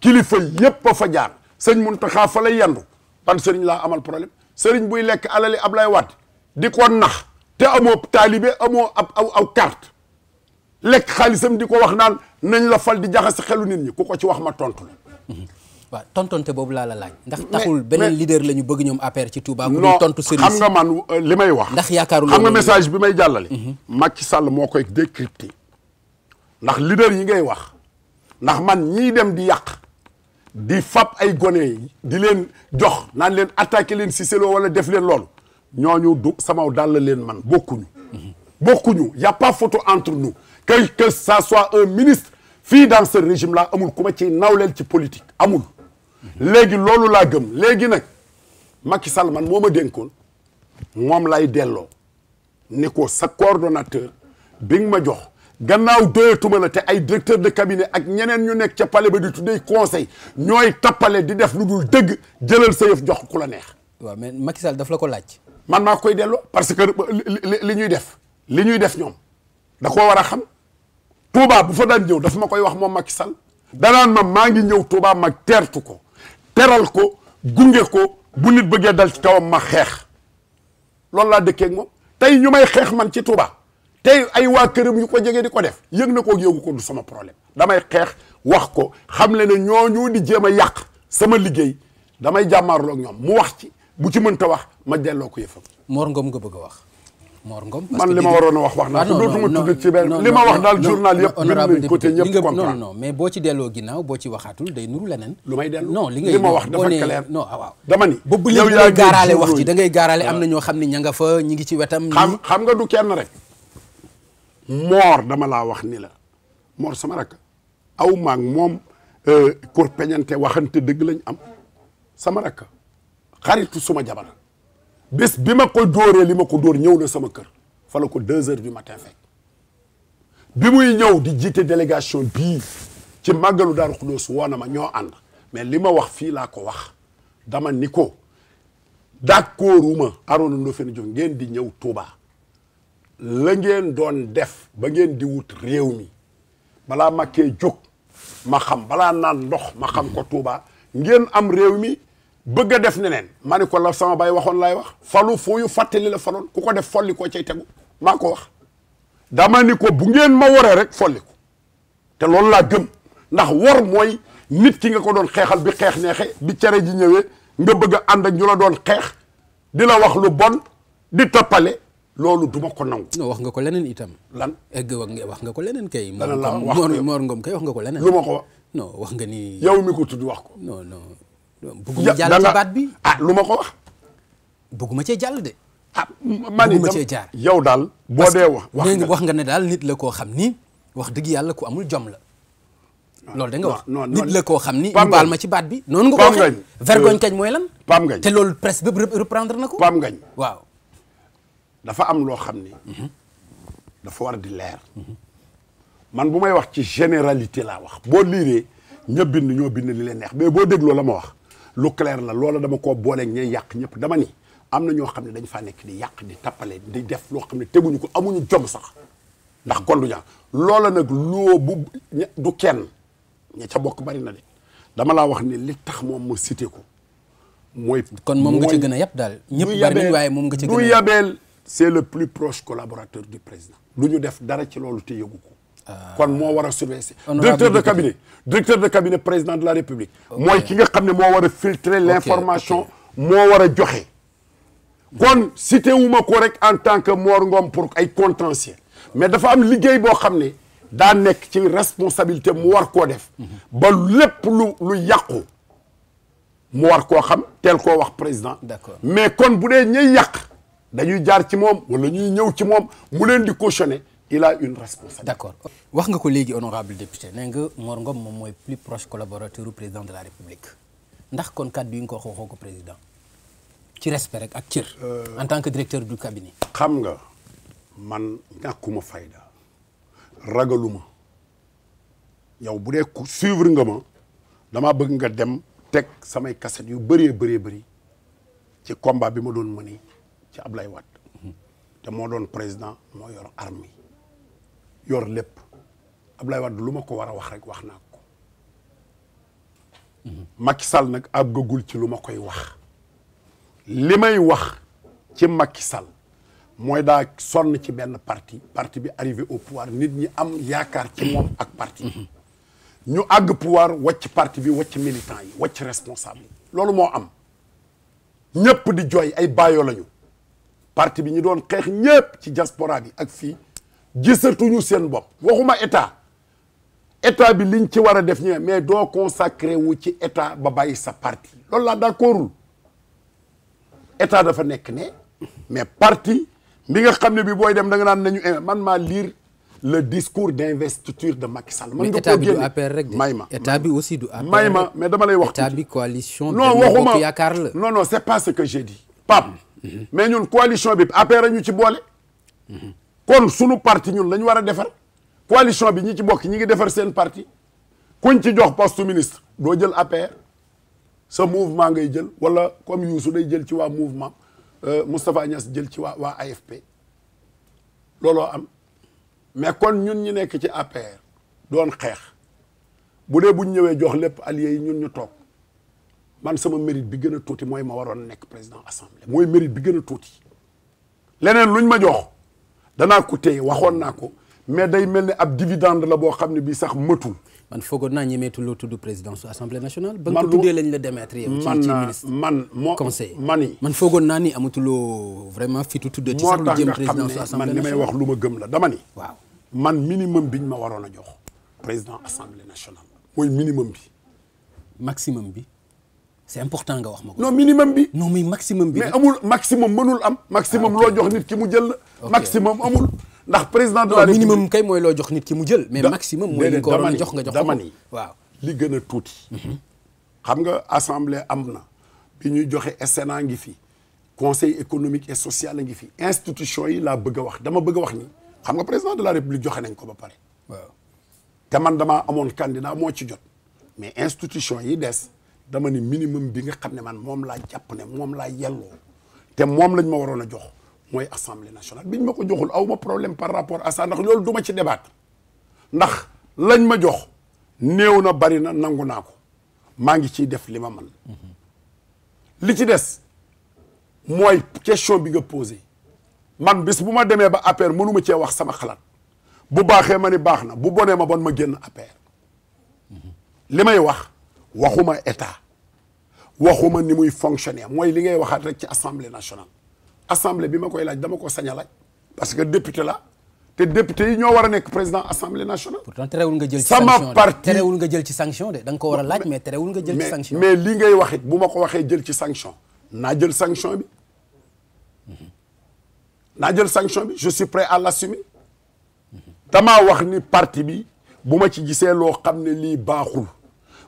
kilifa yépp a fa jaar sëñ Muntaxa fa lay yandu ban sëriñ laa amal problème sëriñ buy lekk alali ab lay wat di ko nax te amoo taalibe amoo ab aw aw carte lekk xaalisam di ko wax naan nañ la fal di jaxas xelu nit ñi ku ko ci wax ma tontu la waaw tontonte boobu laa la laaj. ndax taxul beneen leader la ñu bëgg ñoom APR ci Touba. ku dul tontu service xam nga man euh, li may wax. ndax yaakaaru xam nga message bi may jàllale. Mhm. Macky Sall moo koy décrypter. ndax leader yi ngay wax ndax man ñii dem di yàq di fab ay gone di leen jox naan leen attaque leen si selo wala def leen loolu ñu du sama dàll leen man bokkuñu. Mhm. bokkuñu y' pas photo entre nous que que soit un ministre fii dans ce régime laa amul ku ci ciy nawleel ci politique amul. léegi loolu laa gëm léegi nag Macky Sall man moo ma dénkoon moom lay delloo ni ko sa coordonnateur bi nga ma jox gannaaw doyatuma la te ay directeur de cabinet ak ñeneen ñu nekk cappale palais ba di tuddee conseil ñooy tappale di def lu dul dëgg jëlal sa yëf jox ku la neex. waaw mais Macky daf la ko laaj. man maa koy delloo parce que li ñuy def li ñuy def ñoom da koo war a xam Touba bu fa daan ñëw daf ma koy wax moom Macky Sall danaan ma maa ngi ñëw Touba mag teertu ko teral ko gunge ko bu nit bëggee dal ci kawam ma xeex loolu laa dëkkee ak moom tey ñu may xeex man ci Touba tey ay waa këram yu ko jege di ko def yëg na ko yëgu ko du sama problème damay xeex wax ko xam le ne ñooñu di jéem a yàq sama liggéey damay jàmmaarloo ak ñoom mu wax ci bu ci mënta wax ma delloo ko yëfam. Mor Ngom nga bëgg a wax. Mor Ngom man li ma waroon a wax wax naa ah, ko dootuma tudd ci benn li ma wax daal journal yëpp bind nañ côté ñëpp comprendre non non mais boo ci delloo ginnaaw boo ci waxaatul day nuru leneen lu may dellu non li li ma wax dafa clair non waaw dama ni boobu léegi ngay gaaraale wax ci da am na ñoo xam ne ña nga fa ñi ngi ci wetam xam xam nga du kenn rek Mor dama laa wax ni la Mor sama rakk aw maag moom euh, kur peñante waxante dëgg lañ am sama rakk xaritu suma jabar bis bi ma ko dóoree li ma ko dóor ñëw na sama kër fa la ko deux heures du matin fekk bi muy ñëw di jiite délégation bii ci màggalu Daaru Xudóos woo na ma ñoo ànd mais li ma wax fii laa ko wax dama ni ko d'accorduma Arona Ndofène Diop ngeen di ñëw Touba la ngeen doon def ba ngeen di wut réew mi balaa ma kee jóg ma xam balaa naan ndox ma xam ko Touba ngeen am réew mi bëgg a def neneen ma ne ko la sama baay waxoon laay wax falu fu ñu fàttali la faloon ku ko def folli koo cay tegu maa ko wax dama ni ko bu ngeen ma waree rek folli ko te loolu laa gëm ndax war mooy nit ki nga ko doon xeexal bi xeex neexe bi cere ji ñëwee nga bëgg a ànd ñu la doon xeex di la wax lu bon di toppale loolu duma ko nangu. non wax nga ko leneen itam. lan egg wax nga ko leneen kay. lan la wax Mor Ngom kay wax nga ko leneen. lu ma ko wax non wax nga ni. yow mi ko tudd wax ko. bëgguma jàll ci baat bi ah lu ma ko wax. bëgguma cee jàll de. ah man bëgguma cee jaar yow daal. boo dee wax wax nga ne daal nit la koo xam ni wax dëgg yàlla ku amul jom la. loolu da nga wax nit la koo xam ni ñu baal ma ci baat bi noonu nga ko waxee vergogne kañ mooy lan pam ngañ te loolu presse bépp reprendre na ko pam ngañ waaw dafa am loo xam ni mhm. dafa war di leer mhm. man bu may wax ci généralité laa wax boo liiree ña bind ñoo bind li leen neex mais boo dégloo la ma wax lu clair la loola dama ko booleeg ñay yàq ñëpp dama ni am na ñoo xam ne dañ faa nekk di yàq di tappale di def loo xam ne teguñu ko amuñu jom sax ndax kon du ñaa loola nag loo bu du kenn ña ca bokk bari na de dama laa wax ne li tax moom ma cité ko mooy kon moom nga ci gën a yab daal ñëpp bari waaye moom nga ci gën a du yabeel c'est le plus proche collaborateur du président lu ñu def dara ci loolu te yëgu ko Euh, kon moo war a surveiller directeur de cabinet directeur de cabinet président de la république mooy ki nga xam ne moo war a filtrer l'information moo war a joxe kon cité wu ma ko rek en tant que Mor Ngom pour ay contentieux mais dafa am liggéey boo xam ne daa nekk ci responsabilité mu war koo def mhm. ba lépp lu lu yàqu mu war koo xam teel koo wax président d'accord mais kon bu dee ñuy yàq dañuy jaar ci moom wala ñuy ñëw ci moom mu leen di cautionner il une responsabilité. d'accord wax nga ko léegi honorable député nee nga Mor Ngom moom mooy plus proche collaborateur président de la république ndax kon kàddu yi nga ko wax waxoo ko président ci respect rek ak cër. Euh, en tant que directeur du cabinet. xam nga man ñàkkuma fayda ragaluma yow bu dee ku suivre nga ma damaa bëgg nga dem teg samay cassette yu bëree bëree bëri ci combat bi ma doon mëni ci Ablaye watte mhm. te moo doon président moo yor yor lépp Ablaye Wade lu ma ko war a wax rek wax naa ko Macky sal nag àggagul ci lu ma koy wax li may wax ci makki sal mooy daa sonn ci benn parti parti bi arrivé au pouvoir nit ñi am yaakaar ci moom ak parti ñu àgg pouvoir wàcc parti bi wacc militant yi wacc responsable yi loolu moo am ñëpp di jooy ay bàyyoo lañu parti bi ñu doon xeex ñëpp ci diaspora bi ak fii gisatuñu seen bopp waxuma état état bi liñ ci war a def ñee mais doo consacré wu ci état ba bàyyi sa parti loolu laa d'accordul état dafa nekk ne mais parti bi nga xam ne bi booy dem da nga naan nañu eh, man maa lire le discours d'investiture de Macky Sall. man nga ko génne may ma état bi aussi du APR may ma mais dama lay wax. état bi coalition. non a yaakaar la non non c'est pas que j'ai dit. Pape mais ñun coalition bi APR ñu ci boole. kon sunu parti ñun lañ war a defar coalition bi ñi ci bokk ñi ngi defar seen parti kuñ ci jox post ministre doo jël APR sa mouvement ngay jël wala comme Youssou day jël ci waa mouvement euh, Moustapha Niass jël ci waa waa AFP looloo am mais kon ñun ñi nekk ci APR doon xeex bu dee buñ ñëwee jox lépp alliés yi ñun ñu toog man sama mérite bi gën a tuuti mooy ma waroon nekk président assemblée mooy mérite bi gën a tuuti leneen luñ ma jox danaa ko téye waxoon naa ko mais day mel ni ab dividende la boo xam ne bii sax mëtul. man foogoon naa ñemeetuloo tudd président su assemblée nationale. man ba nga tuddee lañ la démettre yow. ci man moo conseil man yi. man foogoon naa ni amatuloo vraiment fitu tuddee. ci sax lu jëm président su assemblée nga xam ne man li may wax lu ma gëm la dama ni. waaw man minimum biñ ma waroon a jox. président assemblée nationale. mooy minimum bi. maximum bi. c'est important nga wax ma ko. non minimum bi. non muy maximum bi. mais amul maximum mënul am. maximum ah, loo jox nit ki mu jël la. maximum amul. ndax président de la République minimum kay mooy loo jox nit ki mu jël. mais maximum mooy li ko waroon jox nga jox ko waaw. li gën a tuuti. Mhm. xam nga assemblée am na. bi ñuy joxe Sénat ngi fi. conseil économique et social ngi fi. institution yi laa bëgg a wax dama bëgg a wax ni. xam nga président de la République joxe nañ ko ba pare. te man dama amoon candidat moo ci jot. mais institution yi des. dama ni minimum bi nga xam ne man moom laa jàpp ne moom laa yelloo te moom lañ ma waroon a jox mooy assemblée nationale biñ ma ko joxul aw ma problème par rapport à ça ndax loolu du ci débattre ndax lañ ma jox néew na bari na nangu naa ko maa ngi ciy def li ma man li ci des mooy question bi nga posé man bis bu ma demee ba APR mënuma ma cee wax sama xalaat bu baaxee ma ni baax na bu bonee ma bon ma génn APR li may wax. waxuma état waxuma ni muy fonctionner mooy li ngay waxaat rek ci assemblée nationale assemblée bi ma koy laaj dama ko sañ a parce que député la te député yi ñoo war a nekk président assemblée nationale. pourtant terewul nga jël ci sanction sama parti terewul nga jël ci sanction de da nga ko war a laaj mais terewul nga jël ci sanction. mais li ngay wax it bu ma ko waxee jël ci sanction naa jël sanction bi naa jël sanction bi je suis prêt à l'assumer damaa wax ni parti bi bu ma ci gisee loo xam ne lii baaxul.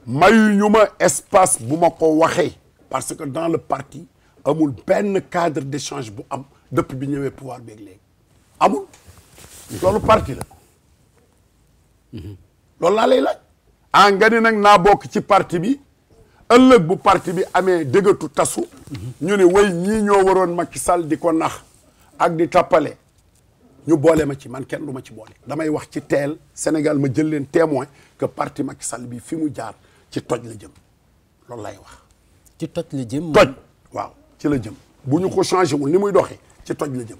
mayu ñu ma espace bu ma ko waxee parce que dans le parti amul benn cadre de change bu am depuis bi ñëwee pouvoir beeg léegi amul loolu parti la mhm. loolu laa lay laaj ah nga nag naa bokk ci partie bi ëllëg bu parti bi amee dëggatu tasu mhm. ñu ne way ñii ñoo waroon Macky Sall di ko nax ak di tappale ñu boole ma ci man kenn du ma ci boole damay wax ci teel Sénégal ma jël leen témoin que parti Macky Sall bi fi mu jaar ci toj la jëm loolu lay wax. ci toj la jëm. toj waaw ci la jëm bu ñu ko changé wul ni muy doxee ci toj la jëm.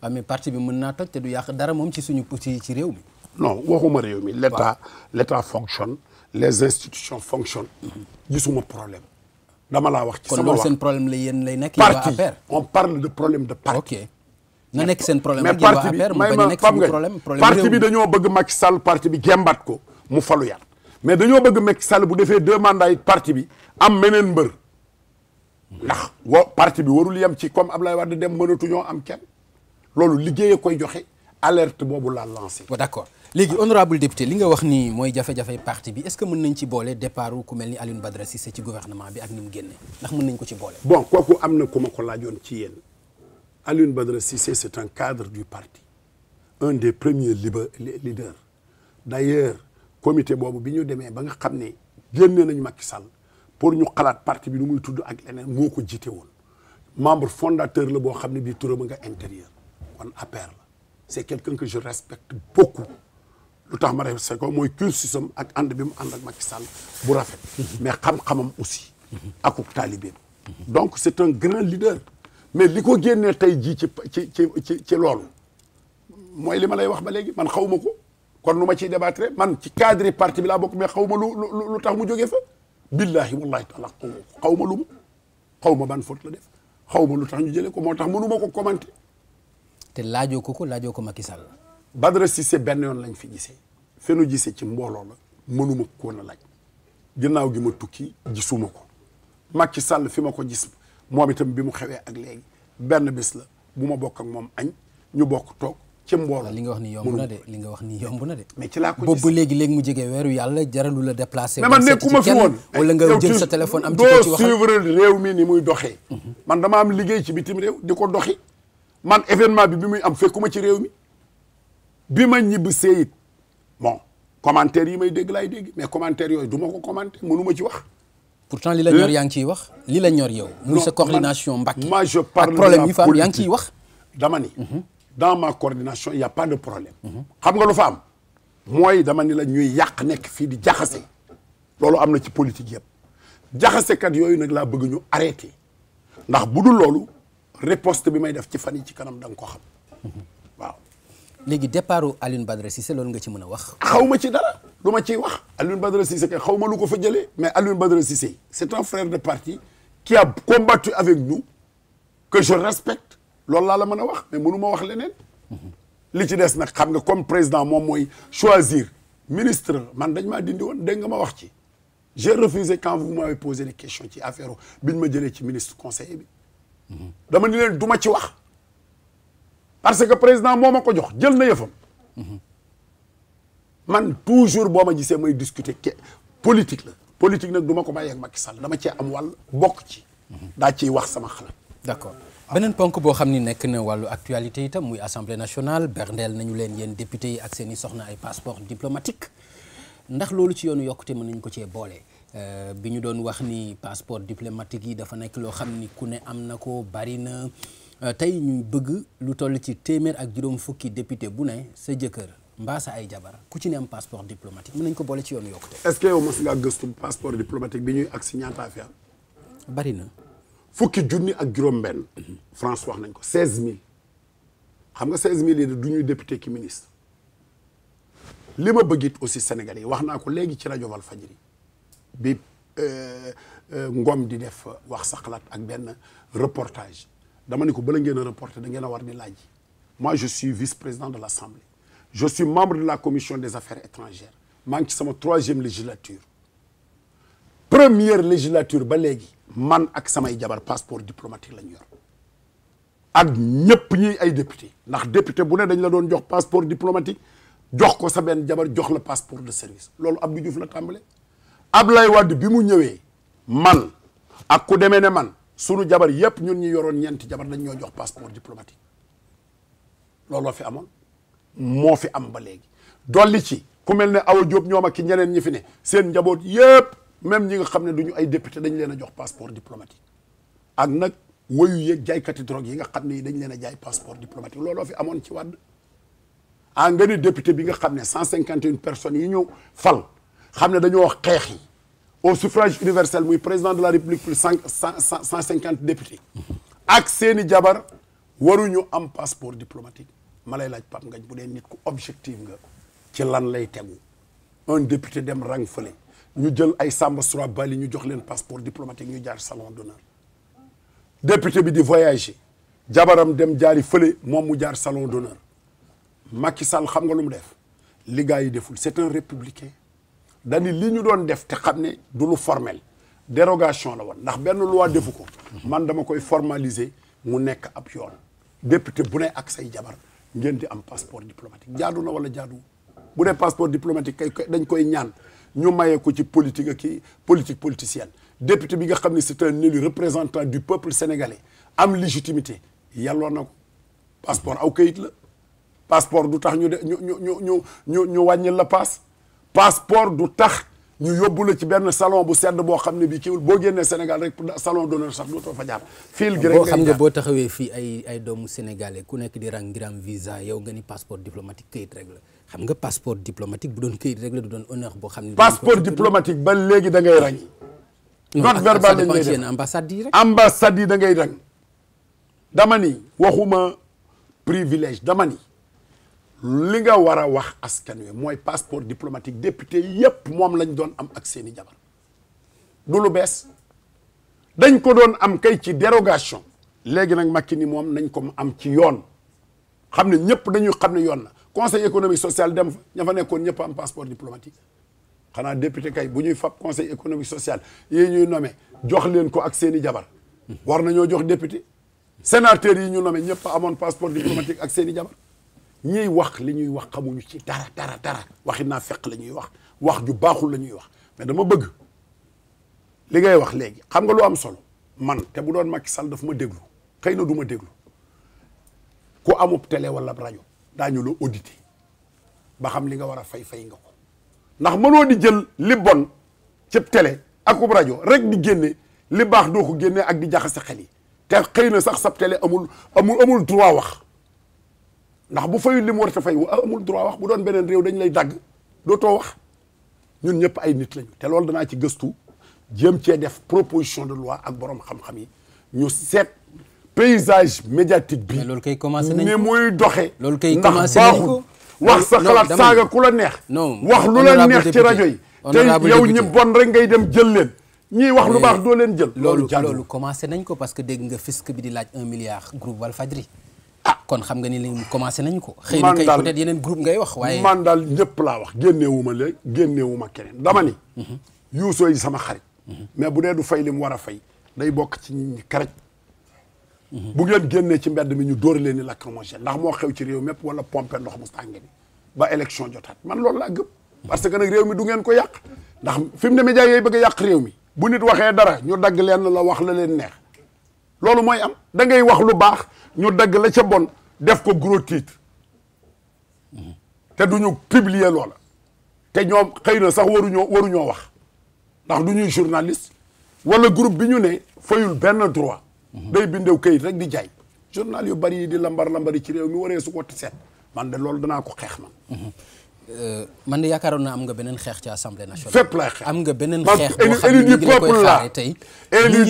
waaw mais parti bi mën naa toj te du yàq dara moom ci suñu yi ci réew mi. non waxuma réew mi. l'état l'état l'état fonctionne les institutions fonctionnent. Mm-hmm. gisuma problème dama laa wax. ci sama wax kon seen problème la yéen lay nekk. parti on parle de problème de parti. ok na nekk seen problème ak yéen waa APR mu bañ bi dañoo bëgg Macky sal parti bi gembaat ko mu falu yaat. mais dañoo bëgg Macky Sall bu defee deux mandats yi parti bi am meneen mbër ndax wo parti bi warul yem ci comme ab Ablaye Wade dem mënatuñoo am kenn loolu liggéeye koy joxe alerte boobu laa lancé bon d'accord léegi honorable député li nga wax ni mooy jafe-jafe parti bi est-ce que mën nañ ci boole départ ku mel ni Alioune Badara Cissé ci gouvernement bi ak ni mu génne ndax mën nañ ko ci boole bon kooku am na ku ma ko laajoon ci yéen Alioune Badara Cissé c'est un cadre du parti un des premiers leaders d'ailleurs comité boobu bi ñu demee ba nga xam ne génne nañu Macky Sall pour ñu xalaat parti bi nu muy tudd ak leneen moo ko jiite woon membre fondateur la boo xam ne bii turam nga intérieur kon APR la c'est quelqu'un que je respecte beaucoup lu tax ma respecté ko mooy si cursusam ak ànd bi mu ànd ak Macky Sall bu rafet mais xam-xamam aussi akub taalibeem donc c'est un grand leader mais li ko génnee tey jii ci ci ci ci ci loolu mooy li ma lay wax ba léegi man xawma ko kon lu ma ciy débattre man ci cadre parti bi laa bokk mais xaw ma lu lu tax mu jógee fa billahi wallahi taala xaw ma lu xaw ma ban faute la def xaw ma lu tax ñu jëlee ko moo tax mënu ma ko commenter te laajoo ko ko laajoo ko Macky Sall Badara Cissé benn yoon lañ fi gisee fe nu gisee ci mbooloo la mënuma koon a laaj ginnaaw gi ma tukki gisuma ko Macky sàll fi ma ko gis moom itam bi mu xewee ak léegi benn bis la bu ma bokk ak moom añ ñu bokk toog ci mbooloo li nga wax ni yomb na de li nga wax ni yomb na de. mais ci laa ko gis boobu léegi léegi mu jege weeru yàlla jaralu la déplacé. mais man nekkuma fi woon wala nga jël sa téléphone am. ci ko ci wax doo mi muy doxee. Mhm. man dama am liggéey ci bitim réew di ko doxi man événement bi bi muy am fekkuma ci réew mi bi ma ñibbi seeyit commentaire yi may dégg laay dégg mais commentaire yooyu du ma ko commenté mënuma ci wax. pourtant li la ñor yaa ngi ciy wax li la ñor yow. muy sa coordination Mbacké. moi je parle ak problème yi fa am yaa ngi ciy wax. dama ni. Mhm. dans ma coordination il y a pas de problème. xam nga lu fa am. mooy dama ni la ñuy yàq nekk fii di jaxase. loolu am na ci politique yëpp. jaxasekat yooyu nag laa bëgg ñu arrêté. ndax bu dul loolu riposte bi may def ci fan yi ci kanam da ko xam. waaw. léegi départ Alioune Badara Cissé loolu nga ci mën a wax. xaw ma ci dara lu ma ciy wax. Alioune Badara Cissé kay xaw ma lu ko fa jëlee. mais Alioune Badara Cissé c'est un frère de parti qui a combattu avec nous que loolu laa la mën a wax mais mënu ma wax leneen. li ci des nag xam nga comme président moom mooy choisir ministre man dañ maa dindi woon dégg nga ma wax ci. j'ai refusé quand vous m'avez posé des question ci affaire bi ma jëlee ci ministre conseiller bi. dama ni leen du ci wax. parce que président moo ma ko jox jël na yëfam. man toujours boo ma gisee mooy discuter ke politique la. politique nag duma ko bàyyi ak Macky Sall dama cee am wàll bokk ci. daa ciy wax sama xalaat. d'accord. beneen ponk boo xam ni nekk na wàllu actualité itam muy assemblée nationale berndeel nañu leen yéen député yi ak seeni i soxna ay passeport diplomatique ndax loolu ci yoonu yokkute mën nañu ko cee boole. Euh, bi ñu doon wax ni passeport diplomatique yi dafa nekk loo xam ni ku ne am na ko bari na euh, tey ñuy bëgg lu toll ci téeméer ak juróom fukki député bu ne sa jëkkër mbaa ay jabar ku ci ne am passeport diplomatique mën nañ ko boole ci yoonu yokkute. est que yow mos ngaa gëstu passeport diplomatique bi ñuy ak si ñaata affaire. bari na. fukki junni ak juróom-benn France wax nañ ko seize mille xam nga seize mille yi du ñuy député ki ministre li ma bëgg it aussi Sénégalais yi wax naa ko léegi ci rajo Walfadjri bi euh, euh, Ngom di def wax sa ak benn reportage dama ni ko bala ngeen a reporter da ngeen a war ni laaj moi je suis vice-président de l'Assemblée je suis membre de la commission des affaires étrangères maa ngi ci sama troisième législature première législature ba léegi man ak samay jabar passeport diplomatique lañu yor ak ñëpp ñi ay député ndax député bu ne dañ la doon jox passeport diplomatique jox ko sa benn jabar jox la passeport de service loolu Abdou Diouf la tàmbale Ablaye Wade bi mu ñëwee man ak ku demee ne man sunu jabar yëpp ñun ñu yoroon ñeenti jabar dañ ñoo jox passeport diplomatique looloo fi amoon moo fi am ba léegi dolli ci ku mel ne aw Diop ñoom ak ki ñeneen ñi fi ne seen njaboot yëpp même ñi nga xam ne du ñu ay député dañ leen a jox passeport diplomatique ak nag woyu yeeg jaaykati drogue yi nga xam ne dañ leen a jaay passeport diplomatique looloo fi amoon ci wàdd ah nga ni député bi nga xam ne cent cinquante et une personnes yi ñu fal xam ne dañoo xeex yi au suffrage universel muy président de la république plus cent cent cinquante députés ak seeni jabar ñu am passeport diplomatique ma lay laaj Pape Ngagne bu dee nit ku objectif nga ci lan lay tegu un député dem rang fële ñu jël ay Samba Soura Bali ñu jox leen passeport diplomatique ñu jaar salon d'honneur député bi di voyager jabaram dem jaari fële moom mu jaar salon d'honneur Macky Sall xam nga lu mu def li yi deful c'est un républicain dani li ñu doon def te xam ne du lu formel dérogation la woon ndax benn loi defu ko man dama koy formaliser mu nekk ab yoon député bu ne ak say jabar ngeen di am passeport diplomatique jaadu na wala jaadu bu dee passeport diplomatique kay dañ koy ñaan ñu mayee ko ci politique kii politique politicienne député bi nga xam ne c'est un élu représentant du peuple sénégalais am légitimité yàlloo na ko passeport aw kayit la passeport du tax ñu de ñu ñu ñu ñu ñu wàññil la passe passeport du tax ñu yóbbu la ci benn salon bu sedd boo xam ne bi kiiwul boo génnee Sénégal rek salon d'honneur sax dootoo fa jaar fiil gi rek xam ne boo taxawee fii ay ay doomu sénégalais ku nekk di rang ngiram visa yow nga ni passeport diplomatique kayit rek la xam nga passeport diplomatique bu doon këyit rek la du boo xam ne. passeport diplomatique ba léegi da ngay rang. note verbale lañ lay def ambassade yi rek. ambassade yi da ngay rang dama waxuma privilège dama ni li nga war a wax askan wi mooy passeport diplomatique député yépp moom lañ doon am ak seeni jabar du lu bees dañ ko doon am kay ci dérogation léegi nag Macky ni moom nañ ko am ci yoon xam ne ñëpp dañuy xam ne yoon la conseil économique social dem fa ña fa nekkoon ñëpp am passeport diplomatique xanaa député kay bu ñuy fab conseil économique social yi ñuy nommé jox leen ko ak seeni jabar war nañoo jox député sénateur yi ñu nommé ñëpp amoon passeport diplomatique ak seeni jabar ñiy wax li ñuy wax xamuñu ci dara dara dara waxi naa fekk la ñuy wax wax ju baaxul la ñuy wax mais dama bëgg li ngay wax léegi xam nga lu am solo man te bu doon Macky Sall daf ma déglu xëy na du ma déglu ku amub wala rajo daañu la audité ba xam li nga war a fay fay nga ko ndax mënoo di jël li bon ci télé ak ub rajo rek di génne li baax doo ko génne ak di jaxase xel yi te xëy na sax sab télé amul amul amul droit wax ndax bu fayul li mu war a fay ah, amul droit wax bu doon beneen réew dañ lay dagg dootoo wax ñun ñëpp ay nit lañu te loolu danaa ci gëstu jéem cee def proposition de loi ak boroom xam-xam yi ñu seet. paysage médiatique bi. loolu kay commencé nañ ko ni doxee. loolu kay commencé nañ ko ndax baaxul. wax sa xalaat saaga ku la neex. no wax lu la neex ci rajo yi. honorable yow ñi bon rek ngay dem jël leen. ñiy wax lu baax doo leen jël. loolu loolu commencé nañ ko parce que dégg nga fisc bi di laaj un milliard groupe Walfadjri. a ah. kon xam nga ni li commencé nañ ko. xëy na kay peut-être yeneen groupe ngay wax waaye. maan daal ñëpp laa wax génneewu ma léegi génneewu ma keneen dama ni. Mhm. yuusoo yi sama xarit. Mhm. mais bu dee du fay li mu war a fay. day bokk ci ñi bu ngeen génnee ci mbedd mi ñu dóor leen ni lacrymogène ndax moo xew ci réew mépp wala pompe ndox mu tàng ni ba élection jotaat man loolu laa gëm parce que nag réew mi du ngeen ko yàq ndax fi mu ne média yooyu bëgg yàq réew mi bu nit waxee dara ñu dagg leen la wax la leen neex loolu mooy am da ngay wax lu baax ñu dagg la ca bon def ko gros tiit te du ñu piblier loola te ñoom xëy na sax waruñoo waruñoo wax ndax du ñuy journalist wala groupe bi ñu ne fayul benn droit day bindew kayit rek di jaay journal yu bari yi di lambar lambari ci réew mi waree su ko seet man de loolu danaa ko xeex man euh, man de yaakaaroon na am nga beneen xeex ci assemblée nationale. fépp lay am nga beneen xeex boo xam ne leen koy xaare tey. la élu ñi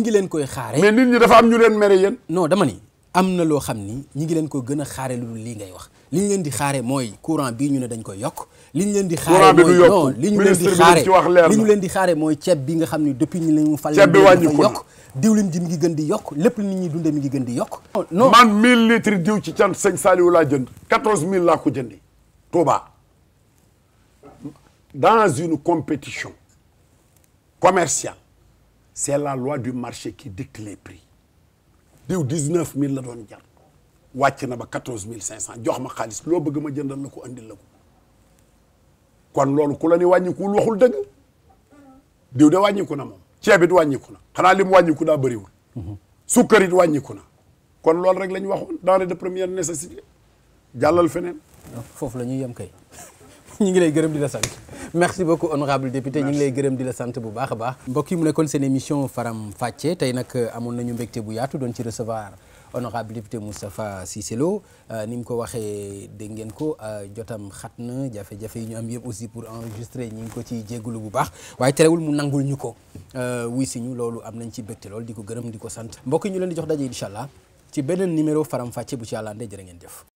ngi leen koy xaaree mais nit ñi dafa am ñu leen mere yéen. non dama ni am na loo xam ni ñi ngi leen koy gën a xaare lu lii ngay wax. li ñu leen di xaare mooy courant bii ñu ne dañ koy yokk li ñu leen di xaare mooy non li ñu leen di xaare li ñu leen di xaare mooy ceeb bi nga xam ne depuis ñu leen fal ceeb bi wàññiku yokk gën di yokk lépp li nit ñi dundee mi ngi gën di yokk non man 1000 litres diw ci can sëñ Saliou laa jënd 14000 ko jëndi Touba dans une compétition commerciale la loi du marché qui dicte les prix diw 19000 la doon jar wàcc na ba quatorze mille cinq cent jox ma xaalis loo bëgg ma jëndal la ko andil la ko kon loolu ku la ni wàññikuwul waxul dëgg diw de wàññiku na moom ceeb it wàññiku na xanaa li mu wàññiku daa bëriwul sukkar it wàññiku na kon loolu rek la ñu waxoon denrée de première nécessité jàllal feneen foofu la ñuy yem kay ñu ngi lay gërëm di la sant merci beaucoup honorable député ñu ngi lay gërëm di la sant bu baax baax mbokk yi mu nekkoon seen émission faram fàcce tey nag euh, amoon nañu mbégte bu yaatu doon ci recevoir honorable député Moustapha Cissé Lo euh, ni mu ko waxee dégg ngeen ko euh, jotam xat na jafe-jafe yi ñu am yëpp aussi pour enregistrer ñu ngi ko ci jégalu bu baax waaye terewul mu nangul ñu ko euh, wuy si ñu loolu am nañ ci bégte lool di ko gërëm di ko sant mbokk ñu leen di jox daje incha allah ci beneen numéro faram-fàcce bu ci yàlla andee jërë ngeen jëf.